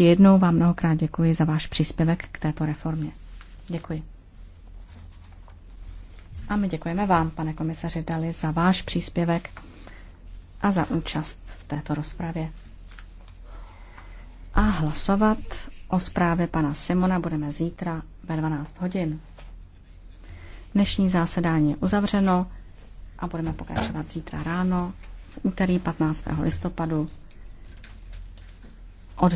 Ještě jednou vám mnohokrát děkuji za váš příspěvek k této reformě. Děkuji. A my děkujeme vám, pane komisaři Dali, za váš příspěvek a za účast v této rozpravě. A hlasovat o zprávě pana Simona budeme zítra ve 12 hodin. Dnešní zásedání je uzavřeno a budeme pokračovat zítra ráno, v úterý 15. listopadu